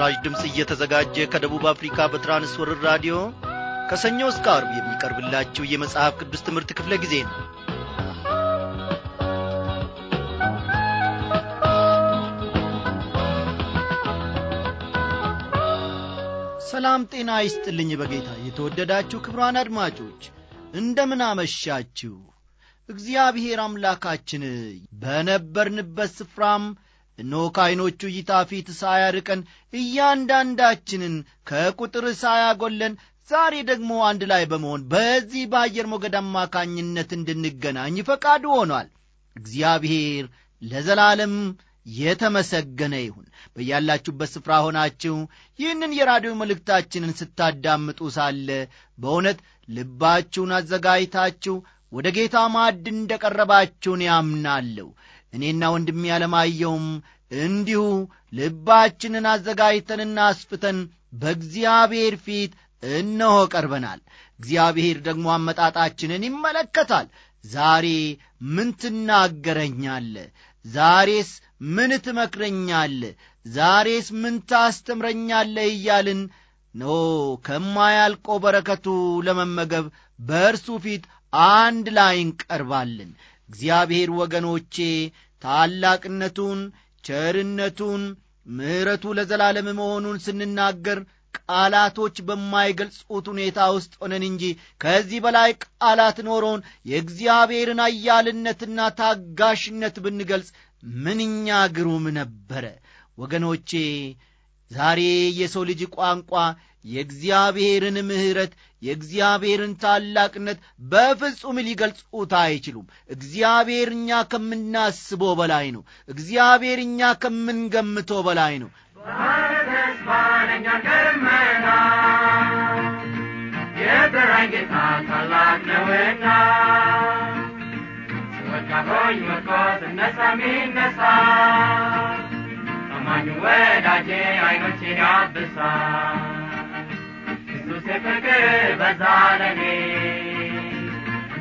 ለምስራች ድምፅ እየተዘጋጀ ከደቡብ አፍሪካ በትራንስ በትራንስወርር ራዲዮ ከሰኞ እስከ አርብ የሚቀርብላችሁ የመጽሐፍ ቅዱስ ትምህርት ክፍለ ጊዜ ነው። ሰላም ጤና ይስጥልኝ በጌታ የተወደዳችሁ ክብሯን አድማጮች እንደምን አመሻችሁ። እግዚአብሔር አምላካችን በነበርንበት ስፍራም እነሆ ከዐይኖቹ እይታ ፊት ሳያርቀን እያንዳንዳችንን ከቁጥር ሳያጎለን ዛሬ ደግሞ አንድ ላይ በመሆን በዚህ በአየር ሞገድ አማካኝነት እንድንገናኝ ፈቃዱ ሆኗል። እግዚአብሔር ለዘላለም የተመሰገነ ይሁን። በያላችሁበት ስፍራ ሆናችሁ ይህንን የራዲዮ መልእክታችንን ስታዳምጡ ሳለ በእውነት ልባችሁን አዘጋጅታችሁ ወደ ጌታ ማዕድ እንደ ቀረባችሁን ያምናለሁ። እኔና ወንድሜ ያለማየውም እንዲሁ ልባችንን አዘጋጅተንና አስፍተን በእግዚአብሔር ፊት እነሆ ቀርበናል። እግዚአብሔር ደግሞ አመጣጣችንን ይመለከታል። ዛሬ ምን ትናገረኛለ? ዛሬስ ምን ትመክረኛለ? ዛሬስ ምን ታስተምረኛለ? እያልን ኖ ከማያልቆ በረከቱ ለመመገብ በእርሱ ፊት አንድ ላይ እንቀርባለን። እግዚአብሔር ወገኖቼ ታላቅነቱን፣ ቸርነቱን፣ ምሕረቱ ለዘላለም መሆኑን ስንናገር ቃላቶች በማይገልጹት ሁኔታ ውስጥ ሆነን እንጂ ከዚህ በላይ ቃላት ኖሮን የእግዚአብሔርን አያልነትና ታጋሽነት ብንገልጽ ምንኛ ግሩም ነበረ። ወገኖቼ ዛሬ የሰው ልጅ ቋንቋ የእግዚአብሔርን ምሕረት የእግዚአብሔርን ታላቅነት በፍጹም ሊገልጹት አይችሉም። እግዚአብሔር እኛ ከምናስበው በላይ ነው። እግዚአብሔር እኛ ከምንገምተው በላይ ነው። ታላቅ ነውና ወዳጄ አይኖቼን ያብሳ ፍቅር በዛ ለኔ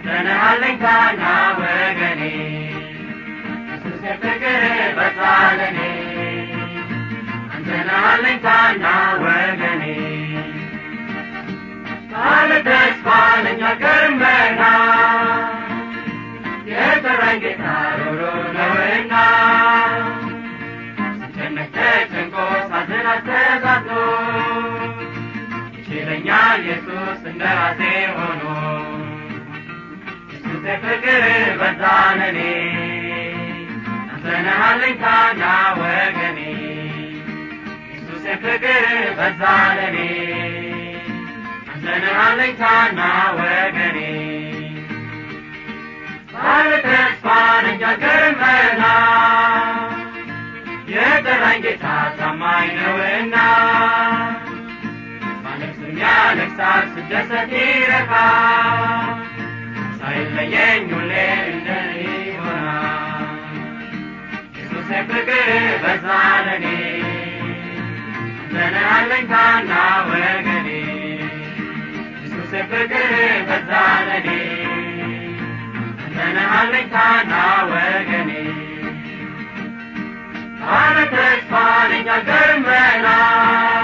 ተነሃለኝታና ወገኔ ኢየሱስ ፍቅር በዛ ለኔ አንተነሃለኝታና ወገኔ ባለ ተስፋ ለኛ ቀርመና የጠራኝ ጌታ ሩሩ ነውና ስጨነቅ ተጨንቆ ሳዝን አስተዛዝኖ ኢየሱስ እንደራሴ ሆኖ ኢየሱስ ፍቅር በዛነኔ አንተነሃለኝታና ወገኔ ኢየሱስ ፍቅር በዛነኔ አንተነሃለኝታና ወገኔ ባለ ገርመና የጠራኝ ጌታ ታማኝ ነውና የሚያለቅሳል ስደሰት ይረካ ሳይለየኝ ሁሌ እንደ ይሆናል የሱሴ ፍቅር በዛ ለኔ እንደነ ወገኔ የሱሴ ተስፋ ነኝ አገርመናል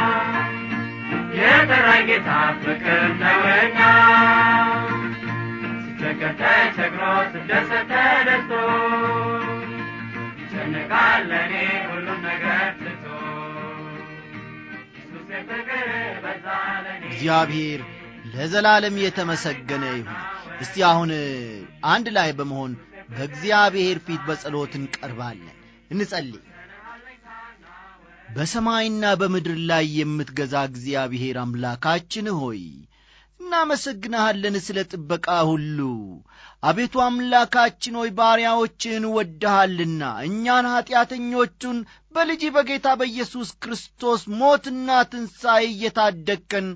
የጌታ ፍቅር ነውና ሲቸገር ተቸግሮ ስደሰት ተደስቶ ለእኔ ሁሉም ነገር ትቶ እግዚአብሔር ለዘላለም የተመሰገነ ይሁን እስቲ አሁን አንድ ላይ በመሆን በእግዚአብሔር ፊት በጸሎት እንቀርባለን እንጸልይ በሰማይና በምድር ላይ የምትገዛ እግዚአብሔር አምላካችን ሆይ እናመሰግንሃለን ስለ ጥበቃ ሁሉ። አቤቱ አምላካችን ሆይ ባሪያዎችን ወድሃልና እኛን ኀጢአተኞቹን በልጅ በጌታ በኢየሱስ ክርስቶስ ሞትና ትንሣኤ እየታደግከን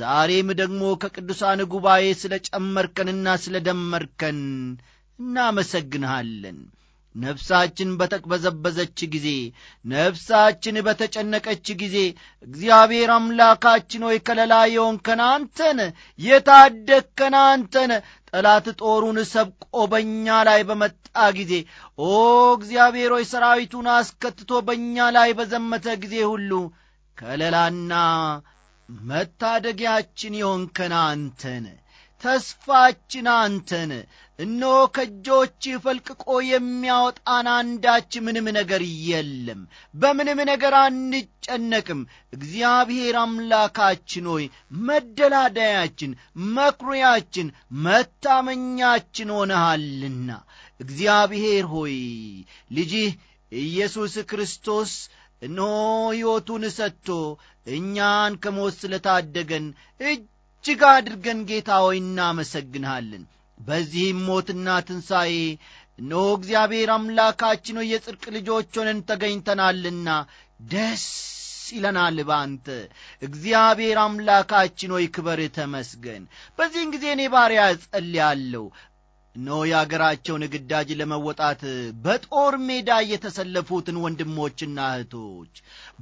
ዛሬም ደግሞ ከቅዱሳን ጉባኤ ስለ ጨመርከንና ስለ ደመርከን እናመሰግንሃለን። ነፍሳችን በተቅበዘበዘች ጊዜ፣ ነፍሳችን በተጨነቀች ጊዜ እግዚአብሔር አምላካችን ሆይ ከለላ የሆንከን አንተን፣ የታደግከን አንተን ጠላት ጦሩን ሰብቆ በእኛ ላይ በመጣ ጊዜ ኦ እግዚአብሔር ሆይ ሰራዊቱን አስከትቶ በእኛ ላይ በዘመተ ጊዜ ሁሉ ከለላና መታደጊያችን የሆንከን አንተን ተስፋችን አንተን እነሆ ከእጆችህ ፈልቅቆ የሚያወጣን አንዳች ምንም ነገር የለም። በምንም ነገር አንጨነቅም። እግዚአብሔር አምላካችን ሆይ መደላዳያችን፣ መኩሪያችን፣ መታመኛችን ሆነሃልና እግዚአብሔር ሆይ ልጅህ ኢየሱስ ክርስቶስ እነሆ ሕይወቱን ሰጥቶ እኛን ከሞት ስለ ታደገን እጅግ አድርገን ጌታ ሆይ እናመሰግንሃለን። በዚህም ሞትና ትንሣኤ እነሆ እግዚአብሔር አምላካችን የጽድቅ ልጆች ሆነን ተገኝተናልና ደስ ይለናል በአንተ እግዚአብሔር አምላካችን ሆይ ክበር ተመስገን በዚህን ጊዜ እኔ ባሪያ እጸልያለሁ እነሆ የአገራቸውን ግዳጅ ለመወጣት በጦር ሜዳ የተሰለፉትን ወንድሞችና እህቶች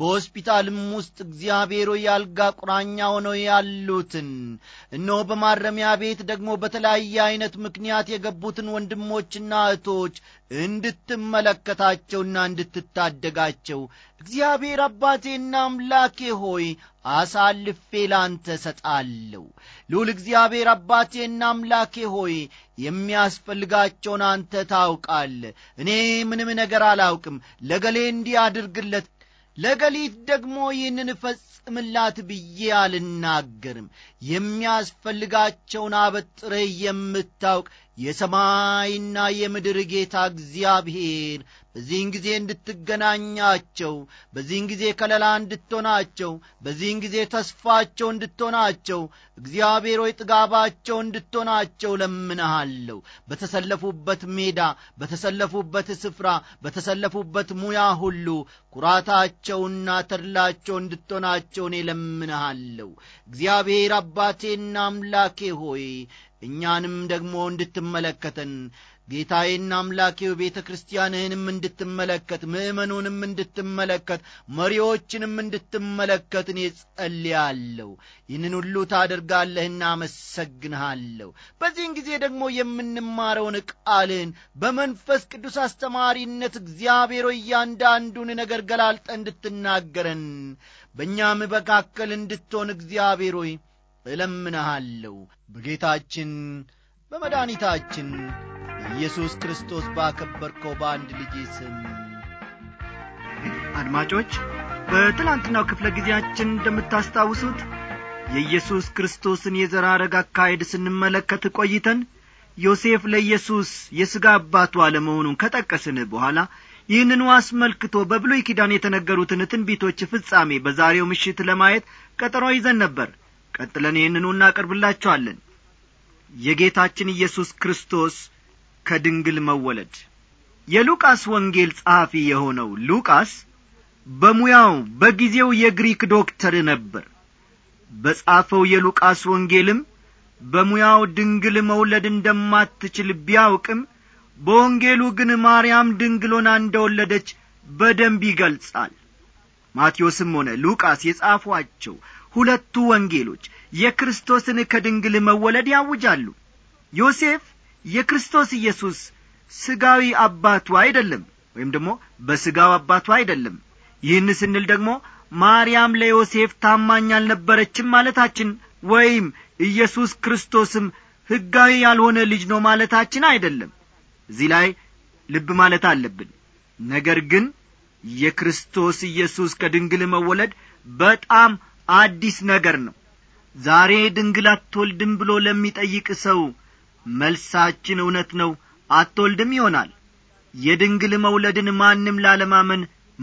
በሆስፒታልም ውስጥ እግዚአብሔሮ ያልጋ ቁራኛ ሆነው ያሉትን እነሆ በማረሚያ ቤት ደግሞ በተለያየ ዐይነት ምክንያት የገቡትን ወንድሞችና እህቶች እንድትመለከታቸውና እንድትታደጋቸው እግዚአብሔር አባቴና አምላኬ ሆይ አሳልፌ ላንተ ሰጣለሁ። ልል እግዚአብሔር አባቴና አምላኬ ሆይ የሚያስፈልጋቸውን አንተ ታውቃለ እኔ ምንም ነገር አላውቅም። ለገሌ እንዲህ አድርግለት፣ ለገሊት ደግሞ ይህንን እፈጽምላት ብዬ አልናገርም። የሚያስፈልጋቸውን አበጥረህ የምታውቅ የሰማይና የምድር ጌታ እግዚአብሔር በዚህን ጊዜ እንድትገናኛቸው፣ በዚህን ጊዜ ከለላ እንድትሆናቸው፣ በዚህን ጊዜ ተስፋቸው እንድትሆናቸው፣ እግዚአብሔር ሆይ ጥጋባቸው እንድትሆናቸው ለምንሃለሁ። በተሰለፉበት ሜዳ፣ በተሰለፉበት ስፍራ፣ በተሰለፉበት ሙያ ሁሉ ኩራታቸውና ተድላቸው እንድትሆናቸው እኔ ለምንሃለሁ። እግዚአብሔር አባቴና አምላኬ ሆይ እኛንም ደግሞ እንድትመለከተን ጌታዬና አምላኬው ቤተ ክርስቲያንህንም እንድትመለከት ምእመኑንም እንድትመለከት መሪዎችንም እንድትመለከት እኔ ጸልያለሁ። ይህንን ሁሉ ታደርጋለህና አመሰግንሃለሁ። በዚህን ጊዜ ደግሞ የምንማረውን ቃልህን በመንፈስ ቅዱስ አስተማሪነት እግዚአብሔር እያንዳንዱን ነገር ገላልጠ እንድትናገረን በእኛ መካከል እንድትሆን እግዚአብሔሮይ እለምንሃለሁ በጌታችን በመድኃኒታችን ኢየሱስ ክርስቶስ ባከበርከው በአንድ ልጅ ስም። አድማጮች በትላንትናው ክፍለ ጊዜያችን እንደምታስታውሱት የኢየሱስ ክርስቶስን የዘራረግ አካሄድ ስንመለከት ቆይተን ዮሴፍ ለኢየሱስ የሥጋ አባቱ አለመሆኑን ከጠቀስን በኋላ ይህንኑ አስመልክቶ በብሉይ ኪዳን የተነገሩትን ትንቢቶች ፍጻሜ በዛሬው ምሽት ለማየት ቀጠሮ ይዘን ነበር። ቀጥለን ይህንኑ እናቀርብላችኋለን የጌታችን ኢየሱስ ክርስቶስ ከድንግል መወለድ የሉቃስ ወንጌል ጸሐፊ የሆነው ሉቃስ በሙያው በጊዜው የግሪክ ዶክተር ነበር በጻፈው የሉቃስ ወንጌልም በሙያው ድንግል መውለድ እንደማትችል ቢያውቅም በወንጌሉ ግን ማርያም ድንግሎና እንደወለደች በደንብ ይገልጻል ማቴዎስም ሆነ ሉቃስ የጻፏቸው ሁለቱ ወንጌሎች የክርስቶስን ከድንግል መወለድ ያውጃሉ ዮሴፍ የክርስቶስ ኢየሱስ ሥጋዊ አባቱ አይደለም ወይም ደግሞ በሥጋው አባቱ አይደለም ይህን ስንል ደግሞ ማርያም ለዮሴፍ ታማኝ አልነበረችም ማለታችን ወይም ኢየሱስ ክርስቶስም ሕጋዊ ያልሆነ ልጅ ነው ማለታችን አይደለም እዚህ ላይ ልብ ማለት አለብን ነገር ግን የክርስቶስ ኢየሱስ ከድንግል መወለድ በጣም አዲስ ነገር ነው ዛሬ ድንግል አትወልድም ብሎ ለሚጠይቅ ሰው መልሳችን እውነት ነው አትወልድም ይሆናል የድንግል መውለድን ማንም ላለማመን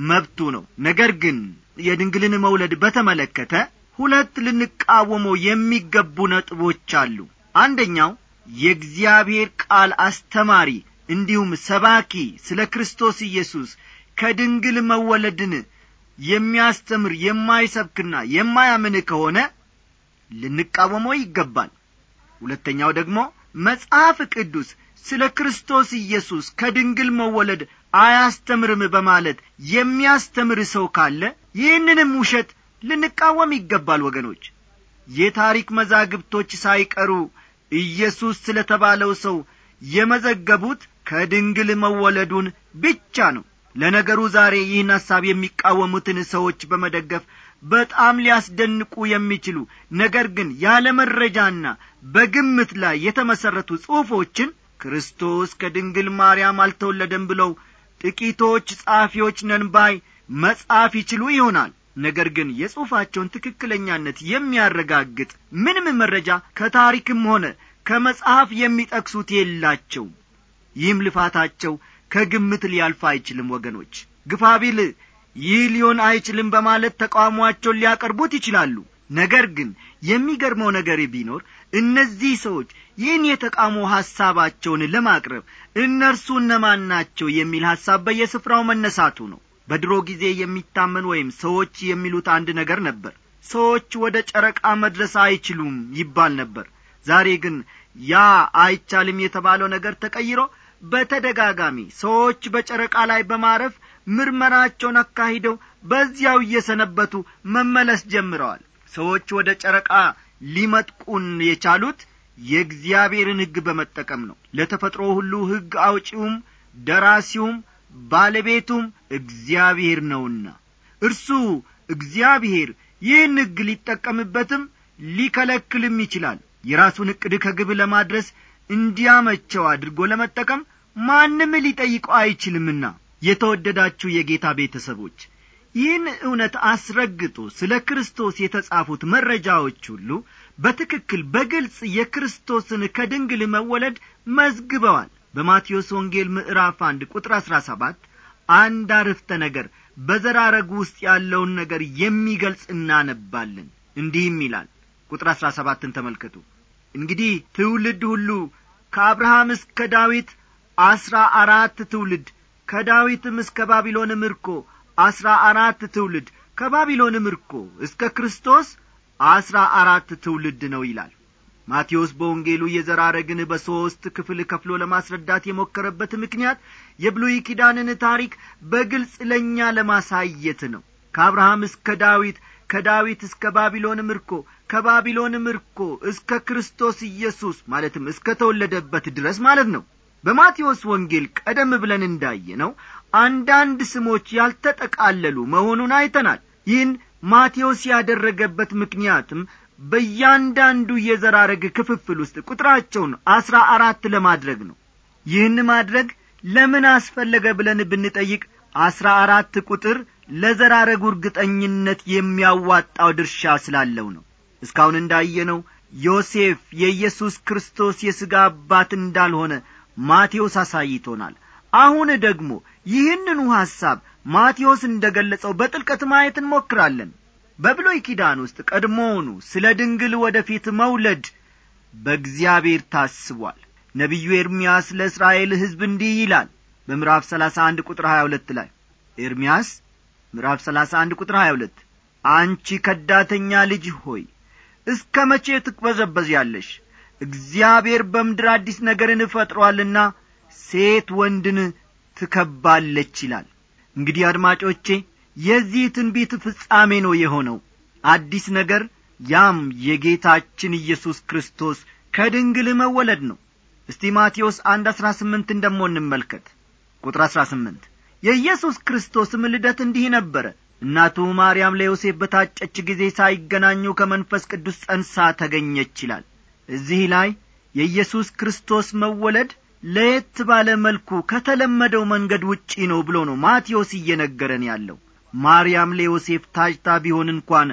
መብቱ ነው ነገር ግን የድንግልን መውለድ በተመለከተ ሁለት ልንቃወመው የሚገቡ ነጥቦች አሉ አንደኛው የእግዚአብሔር ቃል አስተማሪ እንዲሁም ሰባኪ ስለ ክርስቶስ ኢየሱስ ከድንግል መወለድን የሚያስተምር የማይሰብክና የማያምን ከሆነ ልንቃወመው ይገባል ሁለተኛው ደግሞ መጽሐፍ ቅዱስ ስለ ክርስቶስ ኢየሱስ ከድንግል መወለድ አያስተምርም በማለት የሚያስተምር ሰው ካለ ይህንንም ውሸት ልንቃወም ይገባል ወገኖች የታሪክ መዛግብቶች ሳይቀሩ ኢየሱስ ስለ ተባለው ሰው የመዘገቡት ከድንግል መወለዱን ብቻ ነው ለነገሩ ዛሬ ይህን ሐሳብ የሚቃወሙትን ሰዎች በመደገፍ በጣም ሊያስደንቁ የሚችሉ ነገር ግን ያለ መረጃና በግምት ላይ የተመሠረቱ ጽሑፎችን ክርስቶስ ከድንግል ማርያም አልተወለደም ብለው ጥቂቶች ጻፊዎች ነንባይ መጻፍ ይችሉ ይሆናል ነገር ግን የጽሑፋቸውን ትክክለኛነት የሚያረጋግጥ ምንም መረጃ ከታሪክም ሆነ ከመጽሐፍ የሚጠቅሱት የላቸው ይህም ልፋታቸው ከግምት ሊያልፍ አይችልም ወገኖች ግፋቢል ይህ ሊሆን አይችልም በማለት ተቃውሟቸውን ሊያቀርቡት ይችላሉ ነገር ግን የሚገርመው ነገር ቢኖር እነዚህ ሰዎች ይህን የተቃውሞ ሐሳባቸውን ለማቅረብ እነርሱ እነማን ናቸው የሚል ሐሳብ በየስፍራው መነሳቱ ነው በድሮ ጊዜ የሚታመን ወይም ሰዎች የሚሉት አንድ ነገር ነበር ሰዎች ወደ ጨረቃ መድረስ አይችሉም ይባል ነበር ዛሬ ግን ያ አይቻልም የተባለው ነገር ተቀይሮ በተደጋጋሚ ሰዎች በጨረቃ ላይ በማረፍ ምርመራቸውን አካሂደው በዚያው እየሰነበቱ መመለስ ጀምረዋል ሰዎች ወደ ጨረቃ ሊመጥቁን የቻሉት የእግዚአብሔርን ሕግ በመጠቀም ነው ለተፈጥሮ ሁሉ ሕግ አውጪውም ደራሲውም ባለቤቱም እግዚአብሔር ነውና እርሱ እግዚአብሔር ይህን ሕግ ሊጠቀምበትም ሊከለክልም ይችላል የራሱን ዕቅድ ከግብ ለማድረስ እንዲያመቸው አድርጎ ለመጠቀም ማንም ሊጠይቀው አይችልምና የተወደዳችሁ የጌታ ቤተሰቦች ይህን እውነት አስረግጦ ስለ ክርስቶስ የተጻፉት መረጃዎች ሁሉ በትክክል በግልጽ የክርስቶስን ከድንግል መወለድ መዝግበዋል በማቴዎስ ወንጌል ምዕራፍ አንድ ቁጥር አሥራ ሰባት አንድ አርፍተ ነገር በዘራረጉ ውስጥ ያለውን ነገር የሚገልጽ እናነባለን እንዲህም ይላል ቁጥር አሥራ ሰባትን ተመልከቱ እንግዲህ ትውልድ ሁሉ ከአብርሃም እስከ ዳዊት አስራ አራት ትውልድ ከዳዊትም እስከ ባቢሎን ምርኮ አስራ አራት ትውልድ ከባቢሎን ምርኮ እስከ ክርስቶስ አስራ አራት ትውልድ ነው ይላል ማቴዎስ በወንጌሉ የዘራረግን በሦስት ክፍል ከፍሎ ለማስረዳት የሞከረበት ምክንያት የብሉይ ኪዳንን ታሪክ በግልጽ ለእኛ ለማሳየት ነው ከአብርሃም እስከ ዳዊት ከዳዊት እስከ ባቢሎን ምርኮ ከባቢሎን ምርኮ እስከ ክርስቶስ ኢየሱስ ማለትም እስከ ተወለደበት ድረስ ማለት ነው በማቴዎስ ወንጌል ቀደም ብለን ነው። አንዳንድ ስሞች ያልተጠቃለሉ መሆኑን አይተናል ይህን ማቴዎስ ያደረገበት ምክንያትም በእያንዳንዱ የዘራረግ ክፍፍል ውስጥ ቁጥራቸውን አስራ አራት ለማድረግ ነው ይህን ማድረግ ለምን አስፈለገ ብለን ብንጠይቅ አስራ አራት ቁጥር ለዘራረጉ እርግጠኝነት የሚያዋጣው ድርሻ ስላለው ነው እስካሁን እንዳየነው ዮሴፍ የኢየሱስ ክርስቶስ የሥጋ አባት እንዳልሆነ ማቴዎስ አሳይቶናል አሁን ደግሞ ይህንኑ ሐሳብ ማቴዎስ እንደ ገለጸው በጥልቀት ማየት እንሞክራለን በብሎይ ኪዳን ውስጥ ቀድሞውኑ ስለ ድንግል ወደፊት መውለድ በእግዚአብሔር ታስቧል ነቢዩ ኤርምያስ ለእስራኤል ሕዝብ እንዲህ ይላል በምዕራፍ 31 ቁጥር 22 ላይ ኤርምያስ ምዕራፍ 31 ቁጥር 22 አንቺ ከዳተኛ ልጅ ሆይ እስከ መቼ ያለሽ እግዚአብሔር በምድር አዲስ ነገርን ፈጥሯልና ሴት ወንድን ትከባለች ይላል እንግዲህ አድማጮቼ የዚህ ትንቢት ፍጻሜ ነው የሆነው አዲስ ነገር ያም የጌታችን ኢየሱስ ክርስቶስ ከድንግል መወለድ ነው እስቲ ማቴዎስ አንድ አሥራ ስምንትን እንመልከት ቁጥር አሥራ ስምንት የኢየሱስ ክርስቶስም ልደት እንዲህ ነበረ እናቱ ማርያም ለዮሴፍ በታጨች ጊዜ ሳይገናኙ ከመንፈስ ቅዱስ ጸንሳ ተገኘች ይላል እዚህ ላይ የኢየሱስ ክርስቶስ መወለድ ለየት ባለ መልኩ ከተለመደው መንገድ ውጪ ነው ብሎ ነው ማቴዎስ እየነገረን ያለው ማርያም ለዮሴፍ ታጅታ ቢሆን እንኳን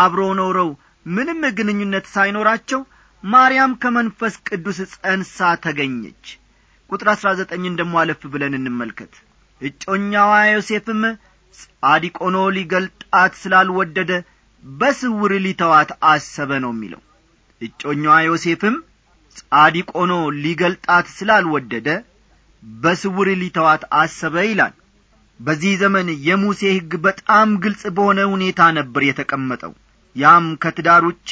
አብሮ ኖረው ምንም ግንኙነት ሳይኖራቸው ማርያም ከመንፈስ ቅዱስ ጸንሳ ተገኘች ቁጥር አሥራ ዘጠኝን ደሞ አለፍ ብለን እንመልከት እጮኛዋ ዮሴፍም ጻድቅ ሆኖ ሊገልጣት ስላልወደደ በስውር ሊተዋት አሰበ ነው የሚለው እጮኛዋ ዮሴፍም ጻዲቆኖ ሆኖ ሊገልጣት ስላልወደደ በስውር ሊተዋት አሰበ ይላል በዚህ ዘመን የሙሴ ሕግ በጣም ግልጽ በሆነ ሁኔታ ነበር የተቀመጠው ያም ከትዳር ውጪ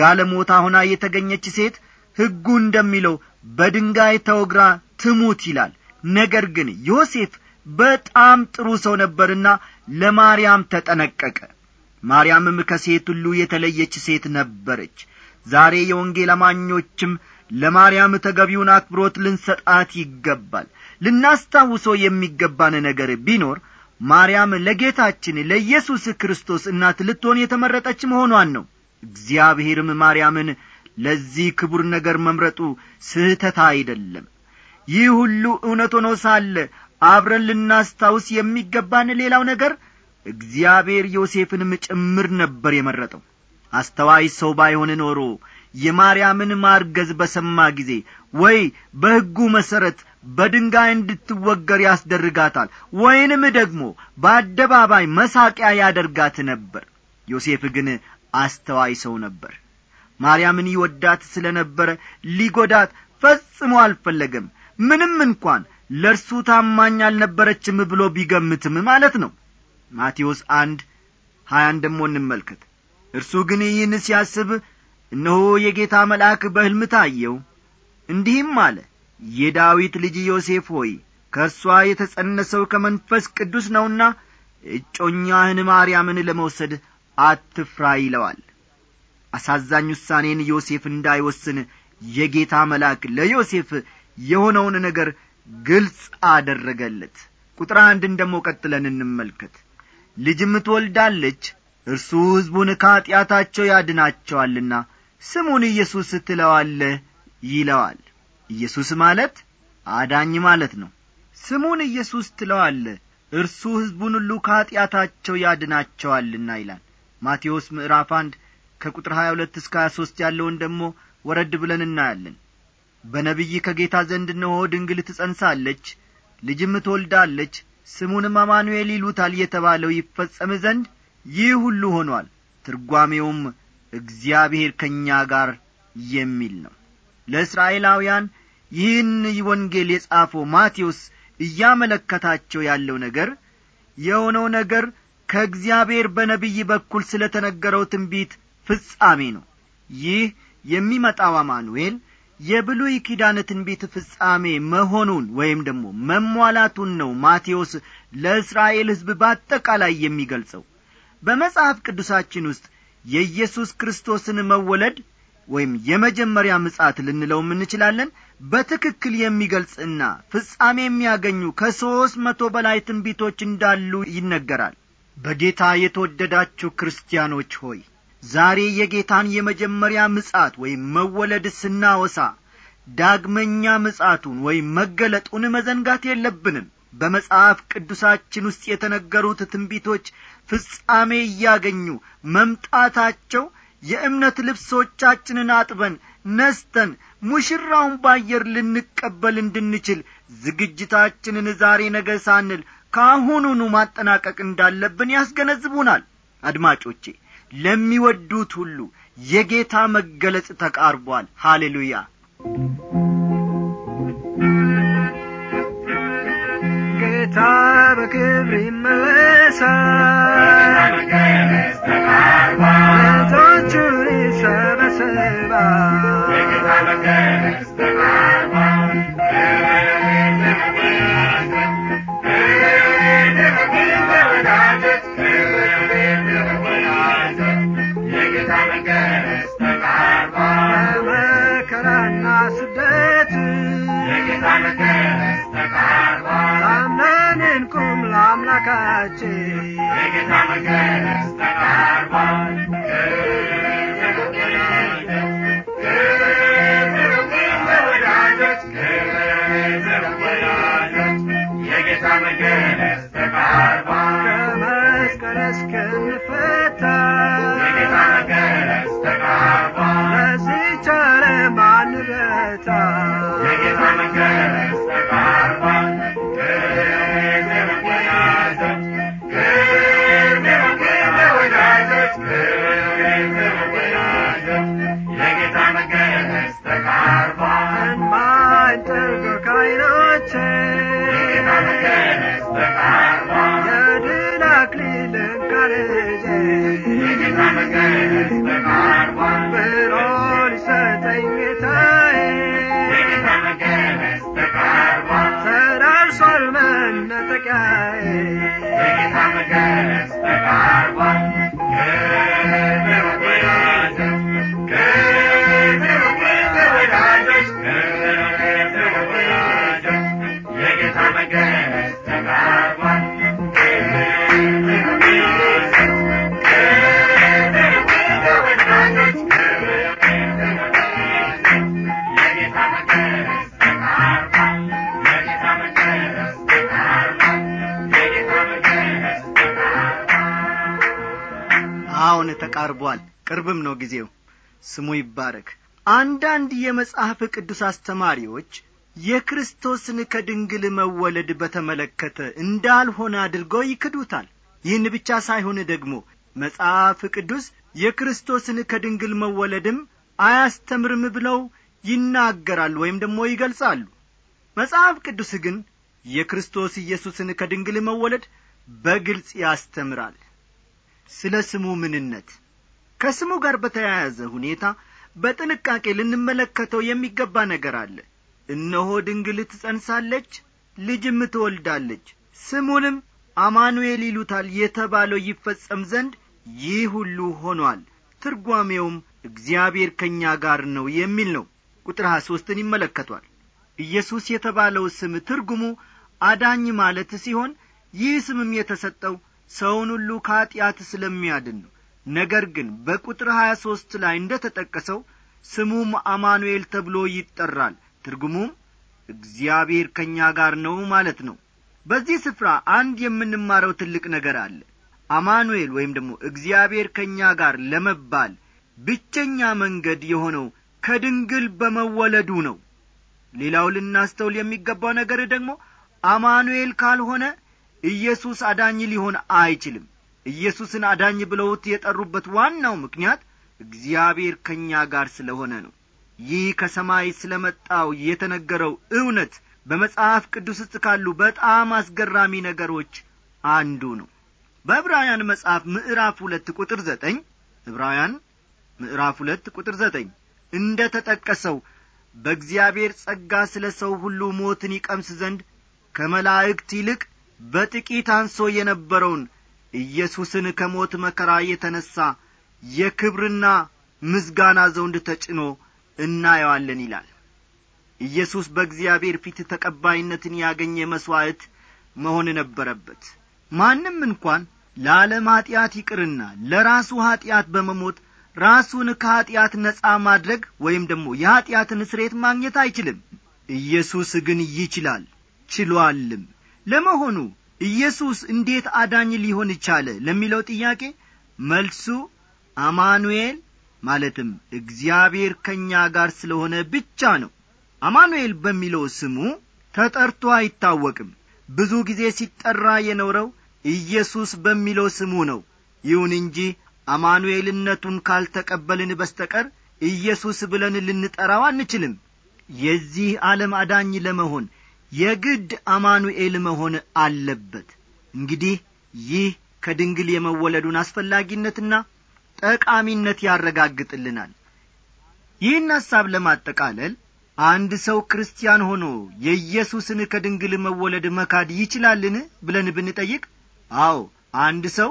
ጋለሞታ ሆና የተገኘች ሴት ሕጉ እንደሚለው በድንጋይ ተወግራ ትሙት ይላል ነገር ግን ዮሴፍ በጣም ጥሩ ሰው ነበርና ለማርያም ተጠነቀቀ ማርያምም ከሴት ሁሉ የተለየች ሴት ነበረች ዛሬ የወንጌል አማኞችም ለማርያም ተገቢውን አክብሮት ልንሰጣት ይገባል ልናስታውሶ የሚገባን ነገር ቢኖር ማርያም ለጌታችን ለኢየሱስ ክርስቶስ እናት ልትሆን የተመረጠች መሆኗን ነው እግዚአብሔርም ማርያምን ለዚህ ክቡር ነገር መምረጡ ስህተት አይደለም ይህ ሁሉ እውነት ሆኖ ሳለ አብረን ልናስታውስ የሚገባን ሌላው ነገር እግዚአብሔር ዮሴፍንም ጭምር ነበር የመረጠው አስተዋይ ሰው ባይሆን ኖሮ የማርያምን ማርገዝ በሰማ ጊዜ ወይ በሕጉ መሠረት በድንጋይ እንድትወገር ያስደርጋታል ወይንም ደግሞ በአደባባይ መሳቂያ ያደርጋት ነበር ዮሴፍ ግን አስተዋይ ሰው ነበር ማርያምን ይወዳት ስለ ነበረ ሊጐዳት ፈጽሞ አልፈለገም ምንም እንኳን ለእርሱ ታማኝ አልነበረችም ብሎ ቢገምትም ማለት ነው ማቴዎስ አንድ ሀያን ደሞ እንመልከት እርሱ ግን ይህን ሲያስብ እነሆ የጌታ መልአክ በሕልም ታየው እንዲህም አለ የዳዊት ልጅ ዮሴፍ ሆይ ከእርሷ የተጸነሰው ከመንፈስ ቅዱስ ነውና እጮኛህን ማርያምን ለመውሰድ አትፍራ ይለዋል አሳዛኝ ውሳኔን ዮሴፍ እንዳይወስን የጌታ መልአክ ለዮሴፍ የሆነውን ነገር ግልጽ አደረገለት ቁጥር አንድን ደግሞ ቀጥለን እንመልከት ልጅም ትወልዳለች እርሱ ሕዝቡን ከኀጢአታቸው ያድናቸዋልና ስሙን ኢየሱስ ትለዋለህ ይለዋል ኢየሱስ ማለት አዳኝ ማለት ነው ስሙን ኢየሱስ ትለዋለህ እርሱ ሕዝቡን ሁሉ ከኀጢአታቸው ያድናቸዋልና ይላል ማቴዎስ ምዕራፍ አንድ ከቁጥር 22 ሁለት እስከ 23 ያለውን ደግሞ ወረድ ብለን እናያለን በነቢይ ከጌታ ዘንድ እነሆ ድንግል ትጸንሳለች ልጅም ትወልዳለች ስሙንም አማኑኤል ይሉታል የተባለው ይፈጸም ዘንድ ይህ ሁሉ ሆኗል ትርጓሜውም እግዚአብሔር ከእኛ ጋር የሚል ነው ለእስራኤላውያን ይህን ወንጌል የጻፈው ማቴዎስ እያመለከታቸው ያለው ነገር የሆነው ነገር ከእግዚአብሔር በነቢይ በኩል ስለ ተነገረው ትንቢት ፍጻሜ ነው ይህ የሚመጣው አማኑኤል የብሉይ ኪዳን ትንቢት ፍጻሜ መሆኑን ወይም ደግሞ መሟላቱን ነው ማቴዎስ ለእስራኤል ሕዝብ በአጠቃላይ የሚገልጸው። በመጽሐፍ ቅዱሳችን ውስጥ የኢየሱስ ክርስቶስን መወለድ ወይም የመጀመሪያ ምጻት ልንለውም እንችላለን በትክክል የሚገልጽና ፍጻሜ የሚያገኙ ከሦስት መቶ በላይ ትንቢቶች እንዳሉ ይነገራል። በጌታ የተወደዳችሁ ክርስቲያኖች ሆይ ዛሬ የጌታን የመጀመሪያ ምጻት ወይም መወለድ ስናወሳ ዳግመኛ ምጻቱን ወይም መገለጡን መዘንጋት የለብንም በመጽሐፍ ቅዱሳችን ውስጥ የተነገሩት ትንቢቶች ፍጻሜ እያገኙ መምጣታቸው የእምነት ልብሶቻችንን አጥበን ነስተን ሙሽራውን በአየር ልንቀበል እንድንችል ዝግጅታችንን ዛሬ ነገ ሳንል ከአሁኑኑ ማጠናቀቅ እንዳለብን ያስገነዝቡናል አድማጮቼ ለሚወዱት ሁሉ የጌታ መገለጽ ተቃርቧል ሃሌሉያ ጌታ በክብር ይመለሳል again. ተቃርቧል ቅርብም ነው ጊዜው ስሙ ይባረክ አንዳንድ የመጽሐፍ ቅዱስ አስተማሪዎች የክርስቶስን ከድንግል መወለድ በተመለከተ እንዳልሆነ አድርገው ይክዱታል ይህን ብቻ ሳይሆን ደግሞ መጽሐፍ ቅዱስ የክርስቶስን ከድንግል መወለድም አያስተምርም ብለው ይናገራሉ ወይም ደግሞ ይገልጻሉ መጽሐፍ ቅዱስ ግን የክርስቶስ ኢየሱስን ከድንግል መወለድ በግልጽ ያስተምራል ስለ ስሙ ምንነት ከስሙ ጋር በተያያዘ ሁኔታ በጥንቃቄ ልንመለከተው የሚገባ ነገር አለ እነሆ ድንግል ትጸንሳለች ልጅም ትወልዳለች ስሙንም አማኑኤል ይሉታል የተባለው ይፈጸም ዘንድ ይህ ሁሉ ሆኗል ትርጓሜውም እግዚአብሔር ከእኛ ጋር ነው የሚል ነው ቁጥር ሀያ ሦስትን ይመለከቷል ኢየሱስ የተባለው ስም ትርጉሙ አዳኝ ማለት ሲሆን ይህ ስምም የተሰጠው ሰውን ሁሉ ከኀጢአት ስለሚያድን ነው ነገር ግን በቁጥር 23 ላይ እንደ ተጠቀሰው ስሙም አማኑኤል ተብሎ ይጠራል ትርጉሙም እግዚአብሔር ከእኛ ጋር ነው ማለት ነው በዚህ ስፍራ አንድ የምንማረው ትልቅ ነገር አለ አማኑኤል ወይም ደግሞ እግዚአብሔር ከእኛ ጋር ለመባል ብቸኛ መንገድ የሆነው ከድንግል በመወለዱ ነው ሌላው ልናስተውል የሚገባው ነገር ደግሞ አማኑኤል ካልሆነ ኢየሱስ አዳኝ ሊሆን አይችልም ኢየሱስን አዳኝ ብለውት የጠሩበት ዋናው ምክንያት እግዚአብሔር ከእኛ ጋር ስለሆነ ነው ይህ ከሰማይ ስለ መጣው የተነገረው እውነት በመጽሐፍ ቅዱስ ውስጥ ካሉ በጣም አስገራሚ ነገሮች አንዱ ነው በዕብራውያን መጽሐፍ ምዕራፍ ሁለት ቁጥር ዘጠኝ ዕብራውያን ምዕራፍ ሁለት ቁጥር ዘጠኝ እንደ ተጠቀሰው በእግዚአብሔር ጸጋ ስለ ሰው ሁሉ ሞትን ይቀምስ ዘንድ ከመላእክት ይልቅ በጥቂት አንሶ የነበረውን ኢየሱስን ከሞት መከራ የተነሣ የክብርና ምዝጋና ዘውንድ ተጭኖ እናየዋለን ይላል ኢየሱስ በእግዚአብሔር ፊት ተቀባይነትን ያገኘ መሥዋዕት መሆን ነበረበት ማንም እንኳን ለዓለም ኀጢአት ይቅርና ለራሱ ኀጢአት በመሞት ራሱን ከኀጢአት ነጻ ማድረግ ወይም ደግሞ የኀጢአትን ስሬት ማግኘት አይችልም ኢየሱስ ግን ይችላል ችሏልም ለመሆኑ ኢየሱስ እንዴት አዳኝ ሊሆን ቻለ ለሚለው ጥያቄ መልሱ አማኑኤል ማለትም እግዚአብሔር ከእኛ ጋር ስለሆነ ብቻ ነው አማኑኤል በሚለው ስሙ ተጠርቶ አይታወቅም ብዙ ጊዜ ሲጠራ የኖረው ኢየሱስ በሚለው ስሙ ነው ይሁን እንጂ አማኑኤልነቱን ካልተቀበልን በስተቀር ኢየሱስ ብለን ልንጠራው አንችልም የዚህ ዓለም አዳኝ ለመሆን የግድ አማኑኤል መሆን አለበት እንግዲህ ይህ ከድንግል የመወለዱን አስፈላጊነትና ጠቃሚነት ያረጋግጥልናል ይህን ሐሳብ ለማጠቃለል አንድ ሰው ክርስቲያን ሆኖ የኢየሱስን ከድንግል መወለድ መካድ ይችላልን ብለን ብንጠይቅ አዎ አንድ ሰው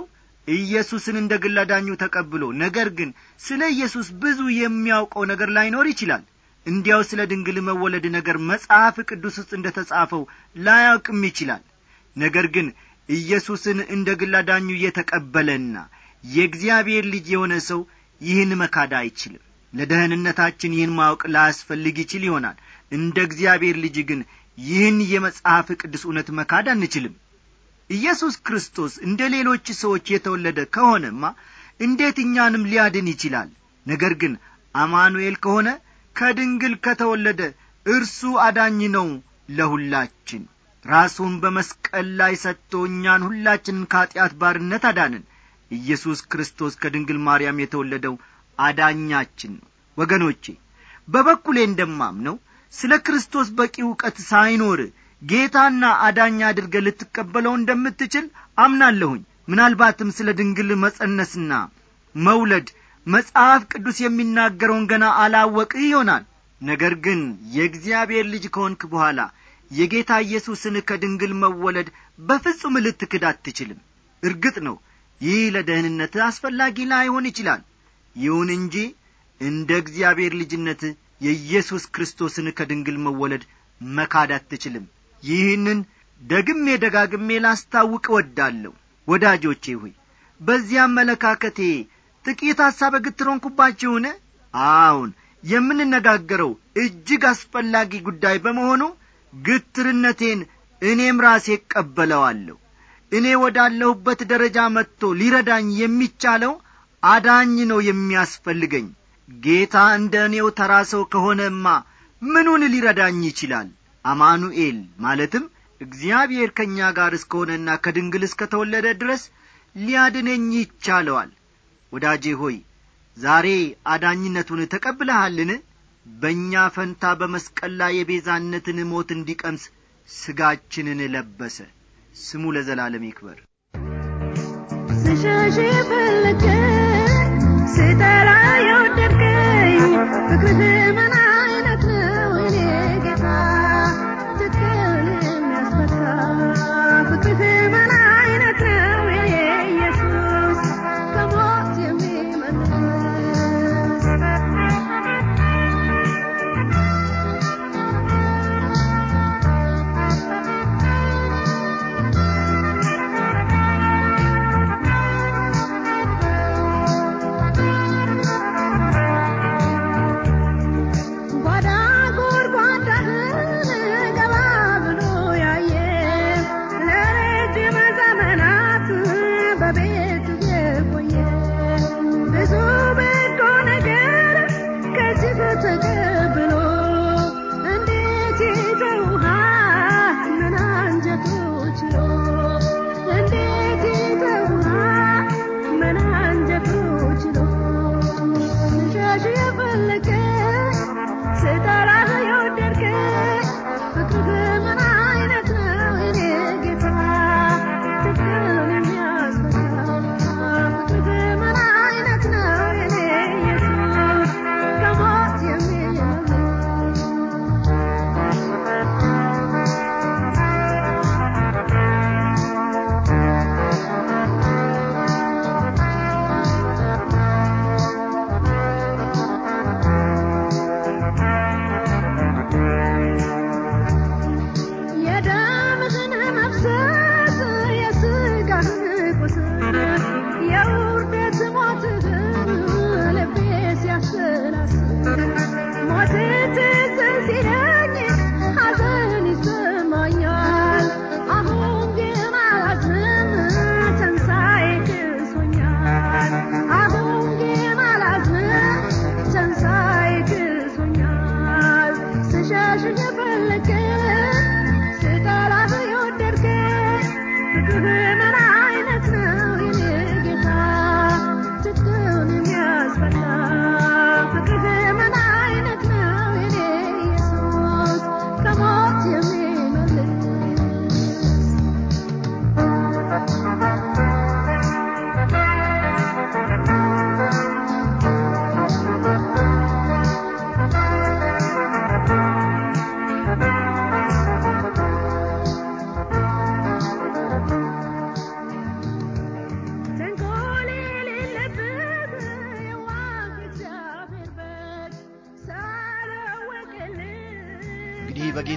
ኢየሱስን እንደ ግላዳኙ ተቀብሎ ነገር ግን ስለ ኢየሱስ ብዙ የሚያውቀው ነገር ላይኖር ይችላል እንዲያው ስለ ድንግል መወለድ ነገር መጽሐፍ ቅዱስ ውስጥ እንደ ተጻፈው ላያውቅም ይችላል ነገር ግን ኢየሱስን እንደ ግላ ዳኙ የተቀበለና የእግዚአብሔር ልጅ የሆነ ሰው ይህን መካድ አይችልም ለደህንነታችን ይህን ማወቅ ላያስፈልግ ይችል ይሆናል እንደ እግዚአብሔር ልጅ ግን ይህን የመጽሐፍ ቅዱስ እውነት መካድ አንችልም ኢየሱስ ክርስቶስ እንደ ሌሎች ሰዎች የተወለደ ከሆነማ እንዴት እኛንም ሊያድን ይችላል ነገር ግን አማኑኤል ከሆነ ከድንግል ከተወለደ እርሱ አዳኝ ነው ለሁላችን ራሱን በመስቀል ላይ ሰጥቶ እኛን ሁላችንን ከኀጢአት ባርነት አዳንን ኢየሱስ ክርስቶስ ከድንግል ማርያም የተወለደው አዳኛችን ነው ወገኖቼ በበኩሌ እንደማምነው ስለ ክርስቶስ በቂ ዕውቀት ሳይኖር ጌታና አዳኝ አድርገ ልትቀበለው እንደምትችል አምናለሁኝ ምናልባትም ስለ ድንግል መጸነስና መውለድ መጽሐፍ ቅዱስ የሚናገረውን ገና አላወቅህ ይሆናል ነገር ግን የእግዚአብሔር ልጅ ከሆንክ በኋላ የጌታ ኢየሱስን ከድንግል መወለድ በፍጹም ልትክድ አትችልም እርግጥ ነው ይህ ለደህንነት አስፈላጊ ላይሆን ይችላል ይሁን እንጂ እንደ እግዚአብሔር ልጅነት የኢየሱስ ክርስቶስን ከድንግል መወለድ መካድ አትችልም ይህንን ደግሜ ደጋግሜ ላስታውቅ እወዳለሁ ወዳጆቼ ሆይ በዚህ አመለካከቴ ጥቂት ሐሳብ ግትሮንኩባችሁን? አሁን የምንነጋገረው እጅግ አስፈላጊ ጉዳይ በመሆኑ ግትርነቴን እኔም ራሴ እቀበለዋለሁ። እኔ ወዳለሁበት ደረጃ መጥቶ ሊረዳኝ የሚቻለው አዳኝ ነው የሚያስፈልገኝ። ጌታ እንደ እኔው ተራ ሰው ከሆነማ ምኑን ሊረዳኝ ይችላል? አማኑኤል ማለትም እግዚአብሔር ከእኛ ጋር እስከሆነና ከድንግል እስከተወለደ ድረስ ሊያድነኝ ይቻለዋል። ወዳጄ ሆይ ዛሬ አዳኝነቱን ተቀብለሃልን በእኛ ፈንታ በመስቀል ላይ የቤዛነትን ሞት እንዲቀምስ ስጋችንን ለበሰ ስሙ ለዘላለም ይክበር ስሸሽ ፈለገ ስጠራ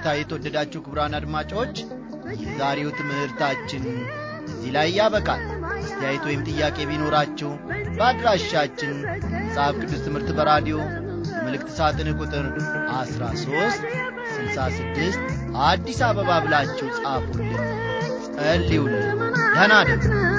ጌታ የተወደዳችሁ ክቡራን አድማጮች የዛሬው ትምህርታችን እዚህ ላይ ያበቃል አስተያየት ወይም ጥያቄ ቢኖራችሁ በአድራሻችን መጽሐፍ ቅዱስ ትምህርት በራዲዮ መልእክት ሳጥን ቁጥር 13 66 አዲስ አበባ ብላችሁ ጻፉልን ጸልዩልን ደህና